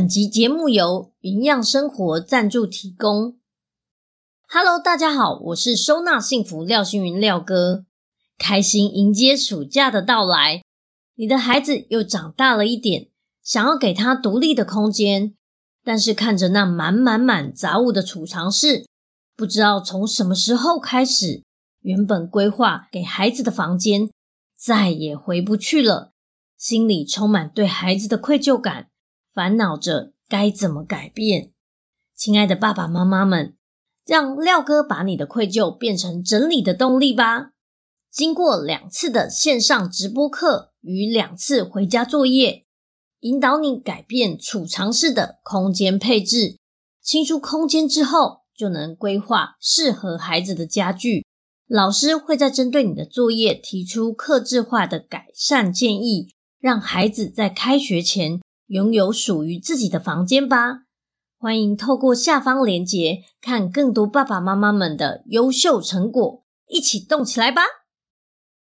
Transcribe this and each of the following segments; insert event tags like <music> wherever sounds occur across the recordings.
本集節目由雲漾生活贊助提供。Hello，大家好，我是收納幸福廖星雲廖哥，開心迎接暑假的到來。你的孩子又長大了一點，想要給他獨立的空間，但是看着那滿滿滿雜物的儲藏室，不知道從什麼時候開始，原本規劃給孩子的房間再也回不去了，心裡充滿對孩子的愧疚感。煩惱着該怎麼改變，親愛的爸爸媽媽們，讓廖哥把你的愧疚變成整理的動力吧！經過兩次的線上直播課與兩次回家作業，引導你改變儲藏室的空間配置，清出空間之後，就能規劃適合孩子的家具。老師會在針對你的作業提出客製化的改善建議，讓孩子在開學前。擁有屬於自己的房間吧！歡迎透過下方鏈接看更多爸爸媽媽們的優秀成果，一起動起來吧！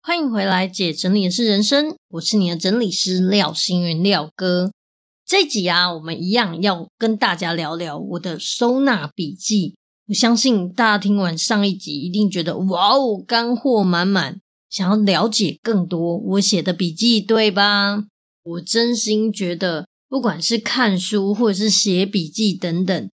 歡迎回來，姐整理的是人生，我是你的整理師廖心筠廖哥。這一集啊，我們一樣要跟大家聊聊我的收納筆記。我相信大家聽完上一集，一定覺得哇哦，乾貨滿滿，想要了解更多我寫的筆記，對吧？我真心覺得，不管是看書或者是寫筆記等等，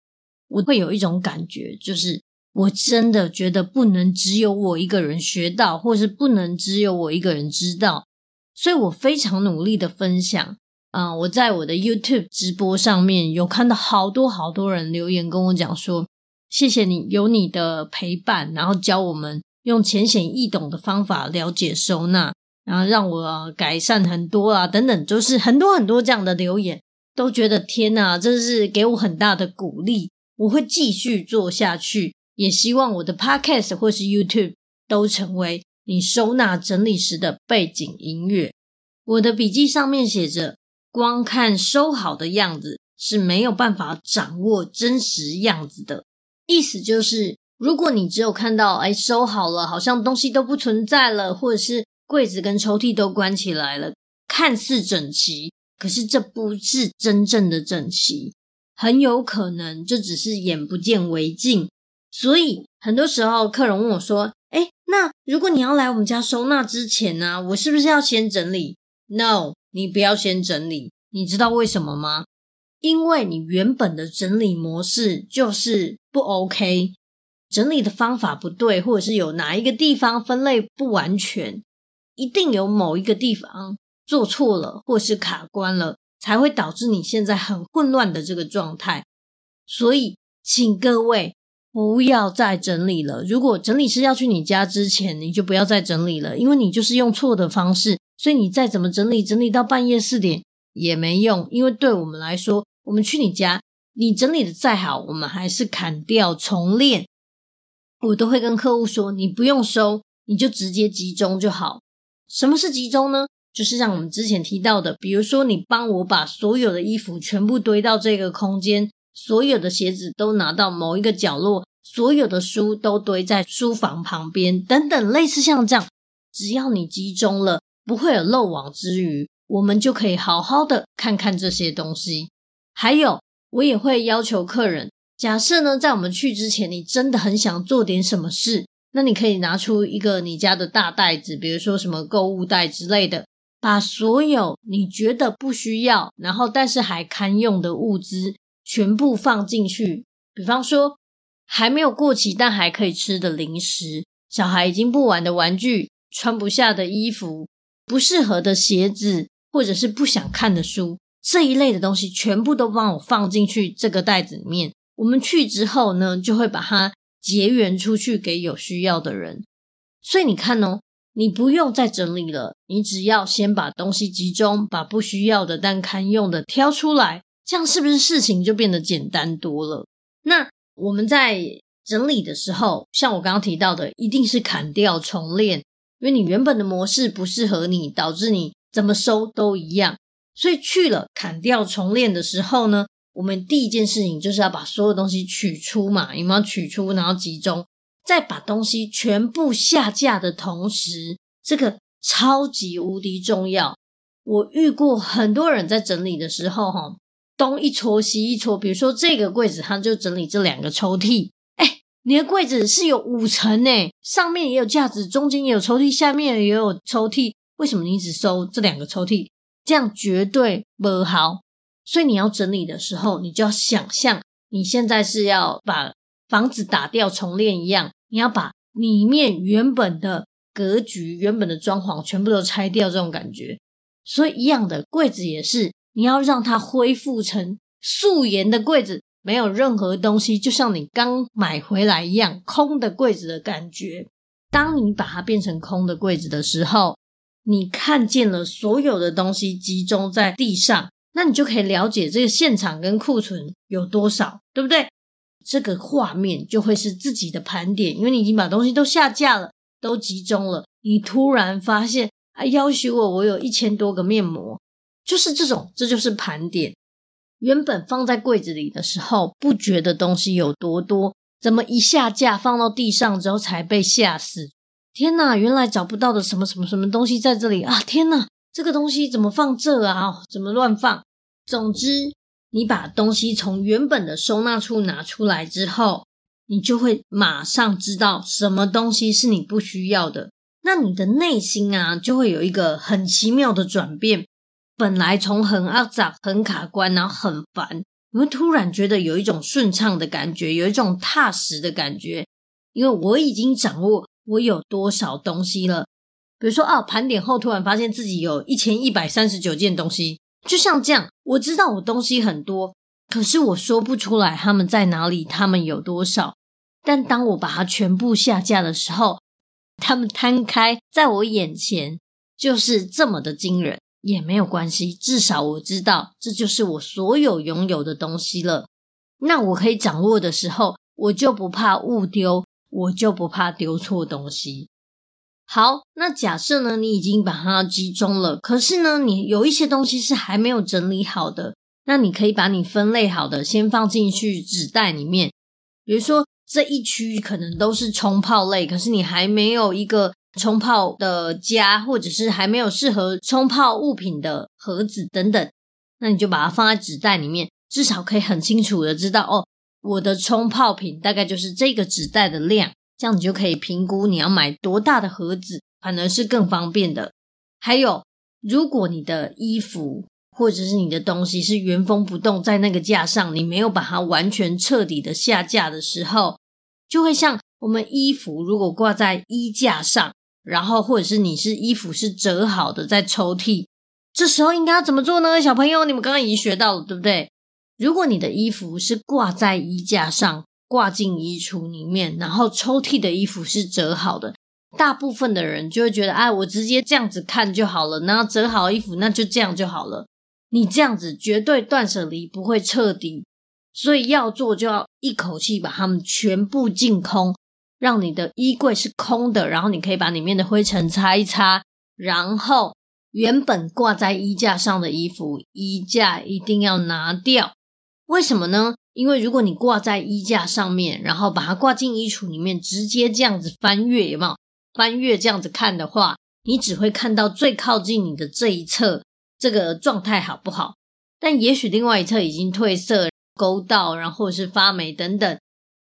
我會有一種感覺，就是我真的覺得不能只有我一個人學到，或是不能只有我一個人知道，所以我非常努力的分享。嗯、呃，我在我的 YouTube 直播上面有看到好多好多人留言跟我講說，謝謝你，有你的陪伴，然後教我們用淺顯易懂的方法了解收納。然後讓我改善很多啊，等等，就是很多很多這樣的留言，都覺得天哪，這是給我很大的鼓勵。我會繼續做下去，也希望我的 Podcast 或是 YouTube 都成為你收納整理時的背景音樂。我的筆記上面寫着：光看收好的樣子是沒有辦法掌握真實樣子的。意思就是，如果你只有看到，哎，收好了，好像東西都不存在了，或者是。櫃子跟抽屜都關起來了，看似整齊，可是這不是真正的整齊，很有可能這只是眼不見為淨。所以很多時候客人問我說：“哎、欸，那如果你要來我們家收納之前呢、啊，我是不是要先整理？”No，你不要先整理。你知道為什麼嗎？因為你原本的整理模式就是不 OK，整理的方法不對，或者是有哪一個地方分類不完全。一定有某一個地方做錯了，或是卡關了，才會導致你現在很混亂的這個狀態。所以，請各位不要再整理了。如果整理師要去你家之前，你就不要再整理了，因為你就是用錯的方式。所以你再怎麼整理，整理到半夜四點也沒用。因為對我們來說，我們去你家，你整理得再好，我們還是砍掉重練。我都會跟客戶說，你不用收，你就直接集中就好。什麼是集中呢？就是像我們之前提到的，比如說你幫我把所有的衣服全部堆到這個空間，所有的鞋子都拿到某一個角落，所有的書都堆在書房旁邊，等等，類似像這樣。只要你集中了，不會有漏網之魚，我們就可以好好的看看這些東西。還有，我也會要求客人，假設呢，在我們去之前，你真的很想做點什麼事。那你可以拿出一個你家的大袋子，比如說什麼購物袋之類的，把所有你覺得不需要，然後但是還堪用的物資全部放進去。比方說還沒有過期但還可以吃的零食，小孩已經不玩的玩具，穿不下的衣服，不適合的鞋子，或者是不想看的書，這一類的東西全部都幫我放進去這個袋子裡面。我們去之後呢，就會把它，結緣出去給有需要的人，所以你看哦，你不用再整理了，你只要先把東西集中，把不需要的但堪用的挑出來，這樣是不是事情就變得簡單多了？那我們在整理的時候，像我剛剛提到的，一定是砍掉重練，因為你原本的模式不適合你，導致你怎麼收都一樣，所以去了砍掉重練的時候呢，我們第一件事情就是要把所有東西取出嘛，你們要取出，然後集中，在把東西全部下架的同時，這個超級無敵重要。我遇過很多人在整理的時候，哈，東一撮西一撮，比如說這個櫃子，他就整理這兩個抽屜。誒、哎、你的櫃子是有五層誒，上面也有架子，中間也有抽屜，下面也有抽屜，為什麼你只收這兩個抽屜？這樣絕對不好。所以你要整理的時候，你就要想象你現在是要把房子打掉重練一樣，你要把裡面原本的格局、原本的裝潢全部都拆掉這種感覺。所以一樣的，櫃子也是，你要讓它恢復成素顏的櫃子，沒有任何東西，就像你剛買回來一樣空的櫃子的感覺。當你把它變成空的櫃子的時候，你看見了所有的東西集中在地上。那你就可以了解這個現場跟庫存有多少，對不對？這個畫面就會是自己的盤點，因為你已經把東西都下架了，都集中了。你突然發現啊，要求我，我有一千多個面膜，就是這種，這就是盤點。原本放在櫃子裡的時候不覺得東西有多多，怎麼一下架放到地上之後才被嚇死？天哪，原來找不到的什麼什麼什麼東西在這裡啊！天哪！這個東西怎麼放這啊、哦？怎麼亂放？總之，你把東西從原本的收納處拿出來之後，你就會馬上知道什麼東西是你不需要的。那你的內心啊，就會有一個很奇妙的轉變。本來從很阿雜、很卡關，然後很煩，你會突然覺得有一種順暢的感覺，有一種踏實的感覺，因為我已經掌握我有多少東西了。比如說啊，盤點後突然發現自己有一千一百三十九件東西，就像這樣。我知道我東西很多，可是我說不出來它們在哪裡，它們有多少。但當我把它全部下架的時候，它們攤開在我眼前，就是這麼的驚人。也沒有關係，至少我知道，這就是我所有擁有的東西了。那我可以掌握的時候，我就不怕誤丟，我就不怕丟錯東西。好，那假設呢，你已經把它集中了，可是呢，你有一些東西是還沒有整理好的，那你可以把你分類好的先放進去紙袋裡面。比如說這一區可能都是沖泡類，可是你還沒有一個沖泡的家，或者是還沒有適合沖泡物品的盒子等等，那你就把它放在紙袋裡面，至少可以很清楚的知道哦，我的沖泡品大概就是這個紙袋的量。這樣你就可以評估你要買多大的盒子，反而是更方便的。還有，如果你的衣服或者是你的東西是原封不動在那個架上，你沒有把它完全徹底的下架的時候，就會像我們衣服如果掛在衣架上，然後或者是你是衣服是折好的在抽屜，這時候應該要怎麼做呢？小朋友，你們剛剛已經學到了，對不對？如果你的衣服是掛在衣架上。掛進衣櫥裡面，然後抽屜的衣服是折好的。大部分的人就會覺得，哎，我直接這樣子看就好了。那折好衣服，那就這樣就好了。你這樣子絕對斷捨離不會徹底，所以要做就要一口氣把它們全部淨空，讓你的衣櫃是空的，然後你可以把裡面的灰塵擦一擦，然後原本掛在衣架上的衣服，衣架一定要拿掉。為什麼呢？因為如果你掛在衣架上面，然後把它掛進衣櫥裡面，直接這樣子翻閱，有沒有？翻閱這樣子看的話，你只會看到最靠近你的這一側，這個狀態好不好？但也許另外一側已經褪色、勾到，然後是發霉等等。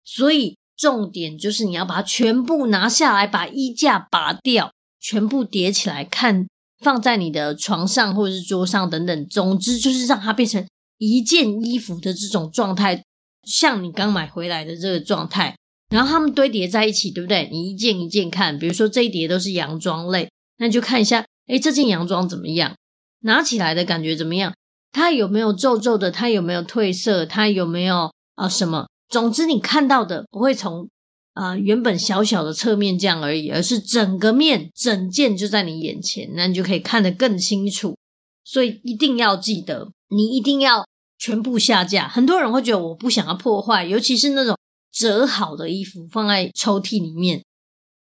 所以重點就是你要把它全部拿下來，把衣架拔掉，全部疊起來看，放在你的床上或者是桌上等等。總之就是讓它變成。一件衣服的這種狀態，像你剛買回來的這個狀態，然後它們堆疊在一起，對不對？你一件一件看，比如說這一疊都是洋裝類，那你就看一下，哎，這件洋裝怎麼樣？拿起來的感覺怎麼樣？它有沒有皺皺的？它有沒有褪色？它有沒有啊、呃、什麼？總之你看到的不會從啊、呃、原本小小的側面這樣而已，而是整個面，整件就在你眼前，那你就可以看得更清楚。所以一定要記得。你一定要全部下架。很多人會覺得我不想要破壞，尤其是那種折好的衣服放在抽屜裡面。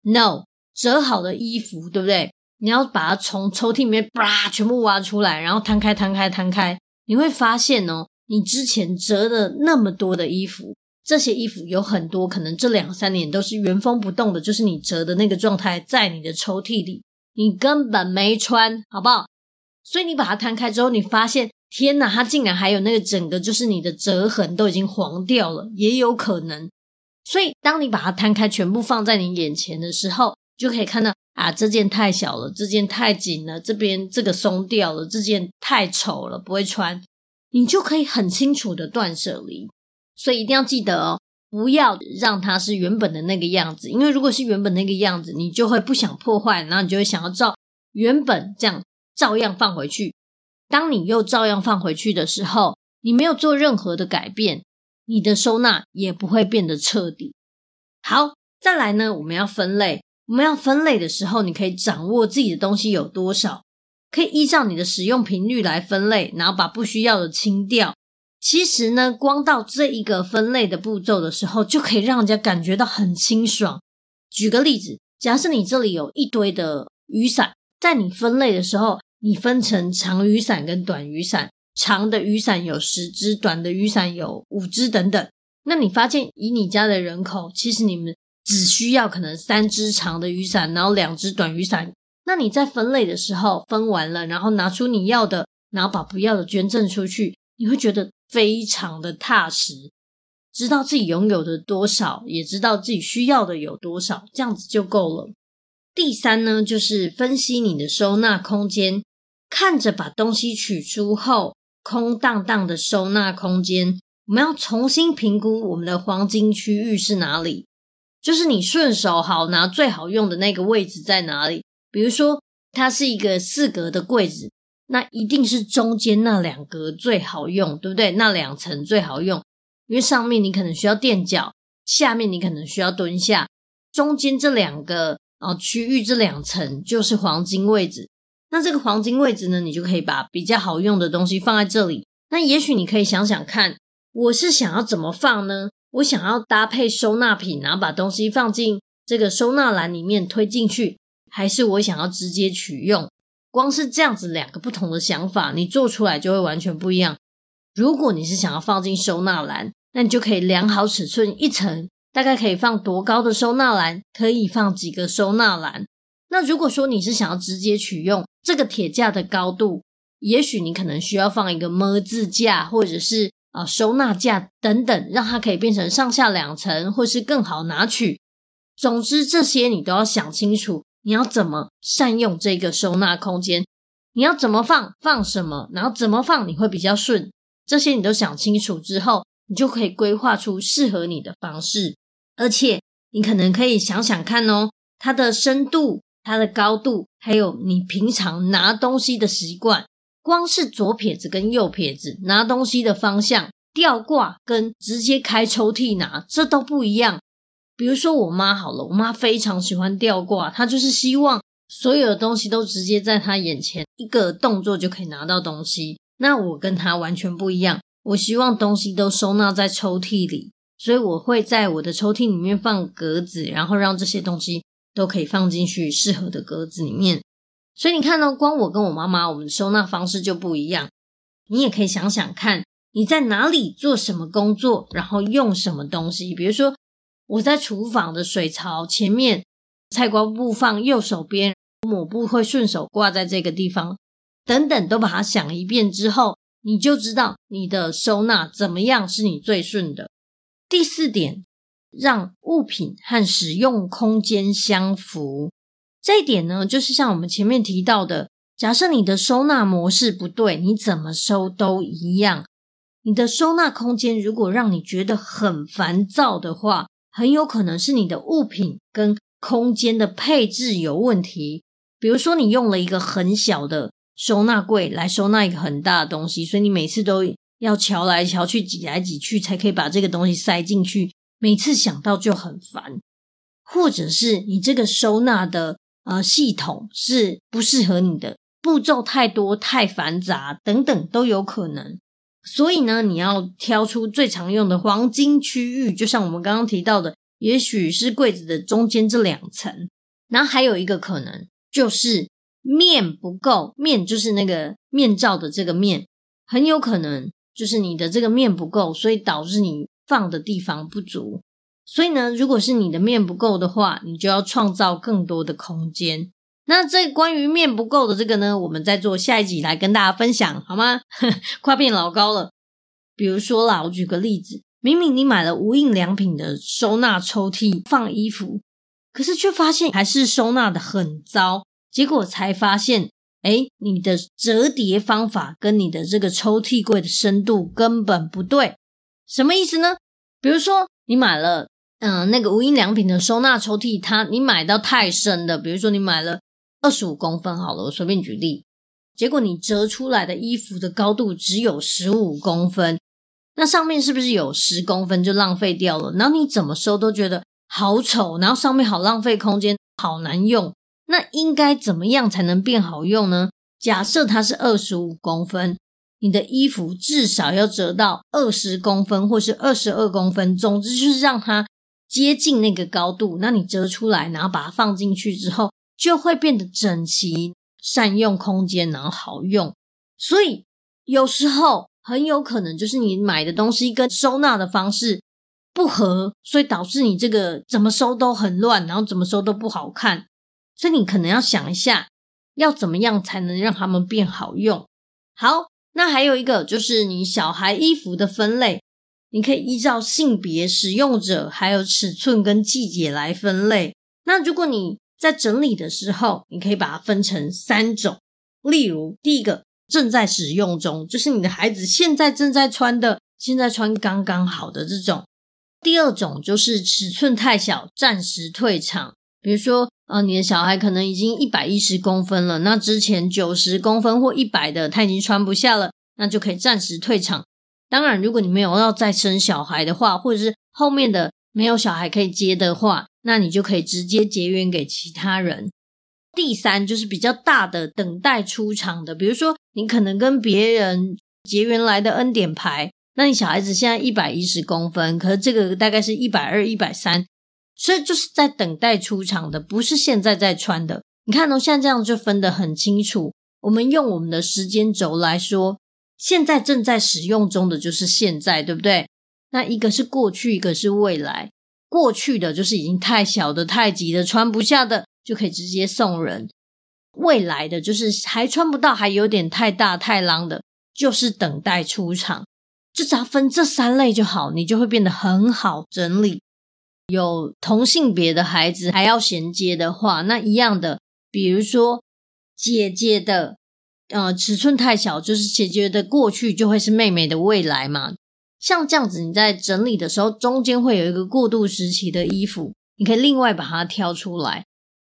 No，折好的衣服，對不對？你要把它從抽屜裡面叭，全部挖出來，然後攤開、攤開、攤開、攤開。你會發現哦，你之前折的那麼多的衣服，這些衣服有很多可能這兩三年都是原封不動的，就是你折的那個狀態在你的抽屜裡，你根本沒穿，好不好？所以你把它攤開之後，你發現。天吶，它竟然還有那個整個就是你的摺痕都已經黃掉了，也有可能。所以當你把它攤開，全部放在你眼前的時候，就可以看到啊，這件太小了，這件太緊了，這邊這個鬆掉了，這件太醜了，不會穿，你就可以很清楚的斷捨離。所以一定要記得哦，不要讓它是原本的那個樣子，因為如果是原本那個樣子，你就會不想破壞，然後你就會想要照原本這樣照樣放回去。當你又照樣放回去的時候，你沒有做任何的改變，你的收納也不會變得徹底。好，再來呢，我們要分類。我們要分類的時候，你可以掌握自己的東西有多少，可以依照你的使用頻率來分類，然後把不需要的清掉。其實呢，光到這一個分類的步驟的時候，就可以讓人家感覺到很清爽。舉個例子，假設你這裡有一堆的雨傘，在你分類的時候，你分成長雨傘跟短雨傘，長的雨傘有十支，短的雨傘有五支等等。那你發現以你家的人口，其實你們只需要可能三支長的雨傘，然後兩只短雨傘。那你在分類的時候，分完了，然後拿出你要的，然後把不要的捐贈出去，你會覺得非常的踏實，知道自己擁有的多少，也知道自己需要的有多少，這樣子就夠了。第三呢，就是分析你的收納空間。看着把東西取出後，空荡荡的收納空間，我們要重新評估我們的黃金區域是哪裡。就是你順手好拿、最好用的那個位置在哪裡。比如說，它是一個四格的櫃子，那一定是中間那兩格最好用，對不對？那兩層最好用，因為上面你可能需要墊腳，下面你可能需要蹲下，中間這兩個啊區域，這兩層就是黃金位置。那這個黃金位置呢，你就可以把比較好用的東西放在這裡。那也許你可以想想看，我是想要怎麼放呢？我想要搭配收納品，然後把東西放進這個收納籃裡面推進去，還是我想要直接取用？光是這樣子兩個不同的想法，你做出來就會完全不一樣。如果你是想要放進收納籃，那你就可以量好尺寸，一層、一層大概可以放多高的收納籃，可以放幾個收納籃。那如果說你是想要直接取用這個鐵架的高度，也許你可能需要放一個 ㄇ 字架，或者是啊收納架等等，讓它可以變成上下兩層，或是更好拿取。總之這些你都要想清楚，你要怎麼善用這個收納空間，你要怎麼放，放什麼，然後怎麼放你會比較順，這些你都想清楚之後，你就可以規劃出適合你的方式。而且你可能可以想想看哦，它的深度。它的高度，還有你平常拿東西的習慣，光是左撇子跟右撇子拿東西的方向、吊掛跟直接開抽屜拿，這都不一樣。比如說我媽好了，我媽非常喜歡吊掛，她就是希望所有的東西都直接在她眼前，一個動作就可以拿到東西。那我跟她完全不一樣，我希望東西都收納在抽屜裡，所以我會在我的抽屜裡面放格子，然後讓這些東西。都可以放進去適合的格子裡面，所以你看呢，哦，光我跟我媽媽，我們的收納方式就不一樣。你也可以想想看，你在哪裡做什麼工作，然後用什麼東西，比如說我在廚房的水槽前面，菜瓜布放右手邊，抹布會順手掛在這個地方，等等，都把它想一遍之後，你就知道你的收納怎麼樣是你最順的。第四點。讓物品和使用空間相符，這一點呢，就是像我們前面提到的，假設你的收納模式不對，你怎麼收都一樣。你的收納空間如果讓你覺得很煩躁的話，很有可能是你的物品跟空間的配置有問題。比如說，你用了一個很小的收納櫃來收納一個很大的東西，所以你每次都要瞧來瞧去、擠來擠去，才可以把這個東西塞進去。每次想到就很煩，或者是你這個收納的呃系統是不適合你的，步驟太多太繁雜等等都有可能。所以呢，你要挑出最常用的黃金區域，就像我們剛剛提到的，也許是櫃子的中間這兩層。然後還有一個可能就是面不夠，面就是那個面罩的這個面，很有可能就是你的這個面不夠，所以導致你。放的地方不足，所以呢，如果是你的面不夠的話，你就要創造更多的空間。那這關於面不夠的這個呢，我們再做下一集來跟大家分享，好嗎？呵， <laughs> 跨變老高了。比如說啦，我舉個例子：明明你買了無印良品的收納抽屜放衣服，可是卻發現還是收納得很糟。結果才發現，哎，你的折疊方法跟你的這個抽屜櫃的深度根本不對。什麼意思呢？比如說，你買了，嗯、呃，那個無印良品的收納抽屜，它你買到太深的，比如說你買了二十五公分好了，我隨便舉例，結果你折出來的衣服的高度只有十五公分，那上面是不是有十公分就浪費掉了？然後你怎麼收都覺得好醜，然後上面好浪費空間，好難用。那應該怎麼樣才能變好用呢？假設它是二十五公分。你的衣服至少要折到二十公分，或是二十二公分，總之就是讓它接近那個高度。那你折出來，然後把它放進去之後，就會變得整齊，善用空間，然後好用。所以有時候很有可能就是你買的東西跟收納的方式不合，所以導致你這個怎麼收都很亂，然後怎麼收都不好看。所以你可能要想一下，要怎麼樣才能讓它們變好用。好。那還有一個就是你小孩衣服的分類，你可以依照性別、使用者，還有尺寸跟季節來分類。那如果你在整理的時候，你可以把它分成三種，例如第一個正在使用中，就是你的孩子現在正在穿的，現在穿剛剛好的這種；第二種就是尺寸太小，暫時退場，比如說。啊、哦，你的小孩可能已經一百一十公分了，那之前九十公分或一百的，他已經穿不下了，那就可以暫時退場。當然，如果你沒有要再生小孩的話，或者是後面的沒有小孩可以接的話，那你就可以直接結緣給其他人。第三就是比較大的等待出場的，比如說你可能跟別人結緣來的恩典牌，那你小孩子現在一百一十公分，可是這個大概是一百二、一百三。所以就是在等待出場的，不是現在在穿的。你看哦，像這樣就分得很清楚。我們用我們的時間軸來說，現在正在使用中的就是現在，對不對？那一個是過去，一個是未來。過去的就是已經太小的、太擠的、穿不下的，就可以直接送人。未來的就是還穿不到，還有點太大太浪的，就是等待出場。就只要分這三類就好，你就會變得很好整理。有同性別的孩子還要銜接的話，那一樣的，比如說姐姐的，呃，尺寸太小，就是姐姐的過去就會是妹妹的未來嘛。像這樣子，你在整理的時候，中間會有一個過渡時期的衣服，你可以另外把它挑出來。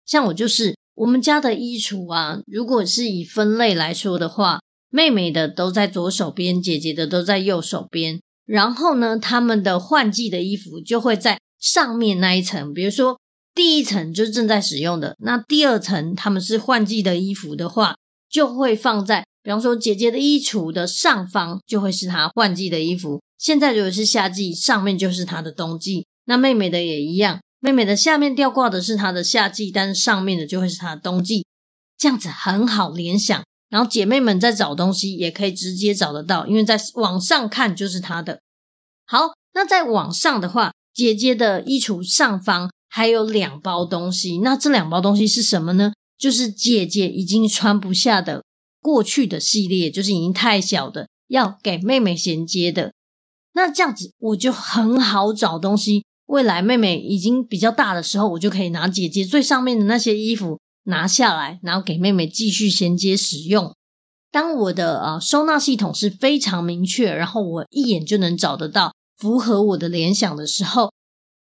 像我就是，我們家的衣櫥啊，如果是以分類來說的話，妹妹的都在左手邊，姐姐的都在右手邊，然後呢，他們的換季的衣服就會在。上面那一層，比如說第一層就是正在使用的，那第二層他們是換季的衣服的話，就會放在，比方說姐姐的衣櫥的上方，就會是她換季的衣服。現在如果是夏季，上面就是她的冬季，那妹妹的也一樣，妹妹的下面吊掛的是她的夏季，但是上面的就會是她的冬季，這樣子很好聯想。然後姐妹們在找東西也可以直接找得到，因為在網上看就是她的。好，那在網上的話。姐姐的衣櫥上方還有兩包東西，那這兩包東西是什麼呢？就是姐姐已經穿不下的過去的系列，就是已經太小的，要給妹妹銜接的。那這樣子我就很好找東西。未來妹妹已經比較大的時候，我就可以拿姐姐最上面的那些衣服拿下來，然後給妹妹繼續銜接使用。當我的啊，收納系統是非常明確，然後我一眼就能找得到，符合我的聯想的時候，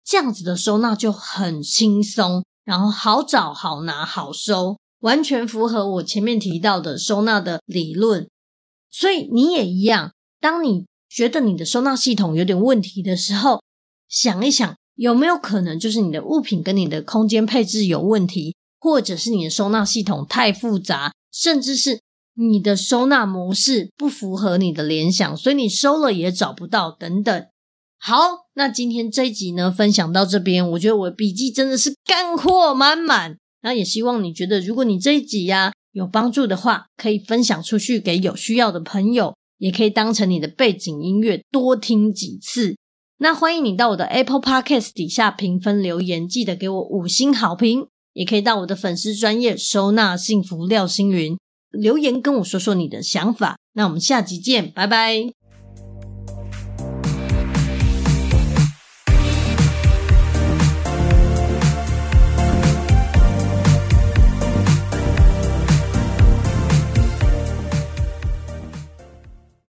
這樣子的收納就很輕鬆，然後好找、好拿、好收，完全符合我前面提到的收納的理論。所以你也一樣，當你覺得你的收納系統有點問題的時候，想一想有沒有可能就是你的物品跟你的空間配置有問題，或者是你的收納系統太複雜，甚至是你的收納模式不符合你的聯想，所以你收了也找不到等等。好，那今天這一集呢，分享到這邊。我覺得我的筆記真的是乾貨滿滿。那也希望你覺得，如果你這一集呀，啊，有幫助的話，可以分享出去給有需要的朋友，也可以當成你的背景音樂多聽幾次。那歡迎你到我的 Apple Podcast 底下評分留言，記得給我五星好評。也可以到我的粉絲專頁收納幸福廖心筠留言，跟我說說你的想法。那我們下集見，拜拜。